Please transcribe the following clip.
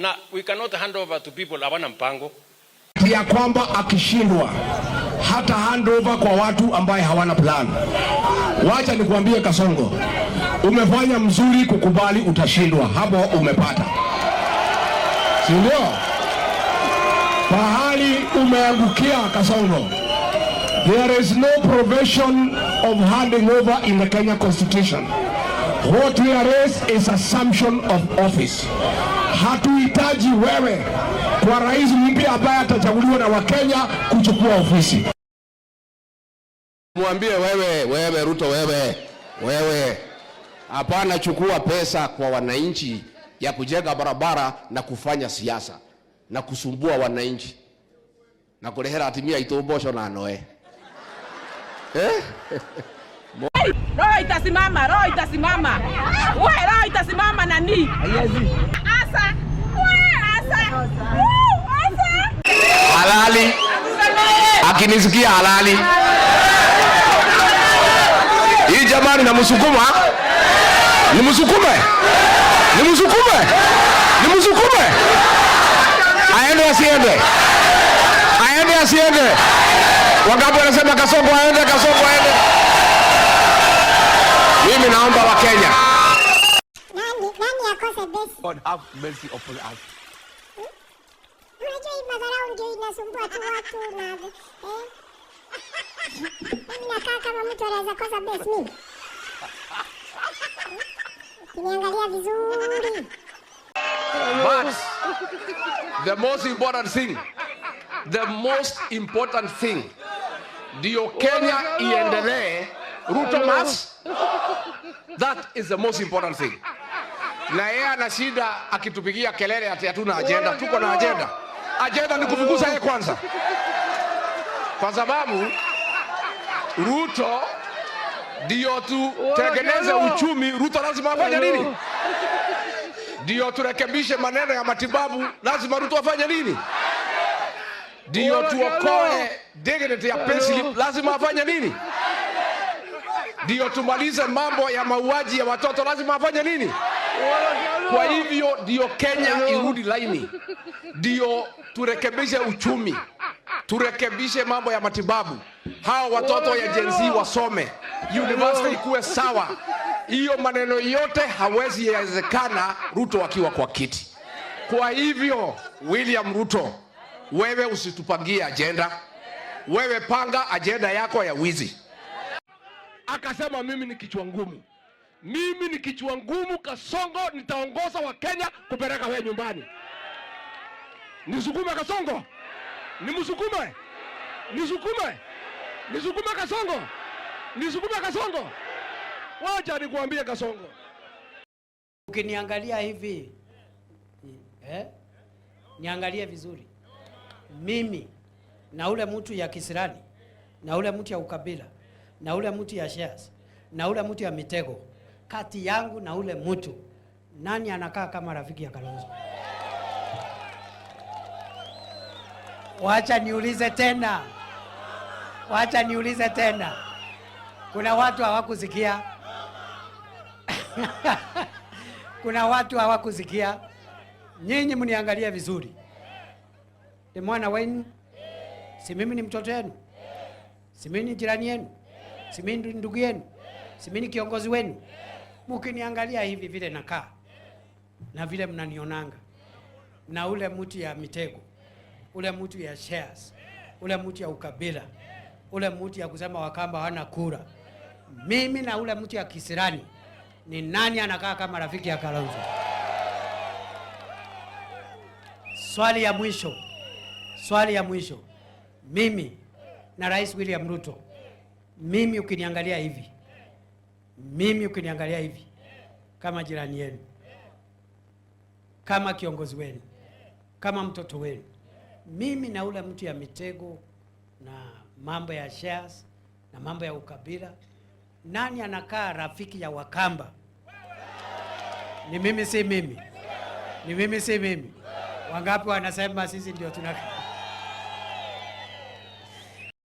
na we cannot hand over to people hawana mpango ya kwamba akishindwa hata hand over kwa watu ambaye hawana plan. Wacha nikuambie Kasongo, umefanya mzuri kukubali utashindwa, hapo umepata, si ndio? Pahali umeangukia Kasongo, there is no provision of handing over in the Kenya constitution. What we raise is assumption of office. Hatuhitaji wewe kwa rais mpya ambaye atachaguliwa na Wakenya kuchukua ofisi. Mwambie wewe, wewe Ruto, wewe wewe, hapana, chukua pesa kwa wananchi ya kujenga barabara na kufanya siasa na kusumbua wananchi na kulehera atimia itombosho na noe eh? Roho itasimama, roho itasimama, we roho itasimama nani asa halali akinisikia halali hii jamani, namsukuma nimsukume, ni nimsukume aende asiende, aende asiende, wangapi wanasema Kasongo aende? Kasongo Basi. God have mercy upon us. Unajua hii madharau ndio inasumbua tu watu na eh. Mimi nakaa kama mtu anaweza kosa base mimi. Nimeangalia vizuri. But the most important thing, the most important thing, ndio Kenya iendelee Ruto mas. That is the most important thing na yeye ana shida akitupigia kelele ati hatuna ajenda. Tuko na ajenda. Ajenda ni kufukuza yeye kwanza, kwa sababu Ruto ndio tutengeneze uchumi. Ruto lazima afanye nini? Ndio turekebishe maneno ya matibabu, lazima Ruto afanye nini? Ndio tuokoe dignity ya payslip, lazima afanye nini? Ndio tumalize mambo ya mauaji ya watoto, lazima afanye nini? Kwa hivyo ndio Kenya irudi laini, ndio turekebishe uchumi, turekebishe mambo ya matibabu, hawa watoto ya Gen Z wasome, university ikuwe sawa. Hiyo maneno yote hawezi yawezekana Ruto akiwa kwa kiti. Kwa hivyo William Ruto, wewe usitupangie ajenda, wewe panga ajenda yako ya wizi. Akasema mimi ni kichwa ngumu. Mimi ni kichwa ngumu Kasongo, nitaongoza Wakenya kupeleka wewe nyumbani. Nisukume Kasongo, nimsukume, nisukume, nisukume Kasongo, nisukume Kasongo. Wacha nikuambie Kasongo, ukiniangalia hivi eh? Niangalie vizuri mimi na ule mtu ya kisirani na ule mtu ya ukabila na ule mtu ya shares na ule mtu ya mitego kati yangu na ule mtu, nani anakaa kama rafiki ya Kalonzo? Wacha niulize tena, wacha niulize tena. Kuna watu hawakusikia kuna watu hawakusikia. Nyinyi mniangalie vizuri, ni mwana wenu, si mimi, ni mtoto wenu, si mimi, ni jirani yenu, si mimi, ndugu yenu, si mimi, ni kiongozi wenu mukiniangalia hivi vile nakaa na vile mnanionanga na ule mtu ya mitego, ule mtu ya shares, ule mtu ya ukabila, ule mtu ya kusema wakamba hawana kura, mimi na ule mtu ya kisirani, ni nani anakaa kama rafiki ya Kalonzo? Swali ya mwisho, swali ya mwisho, mimi na Rais William Ruto, mimi ukiniangalia hivi mimi ukiniangalia hivi kama jirani yenu, kama kiongozi wenu, kama mtoto wenu, mimi na ule mtu ya mitego na mambo ya shares na mambo ya ukabila, nani anakaa rafiki ya Wakamba? Ni mimi, si mimi? Ni mimi, si mimi? Wangapi wanasema sisi ndio tuna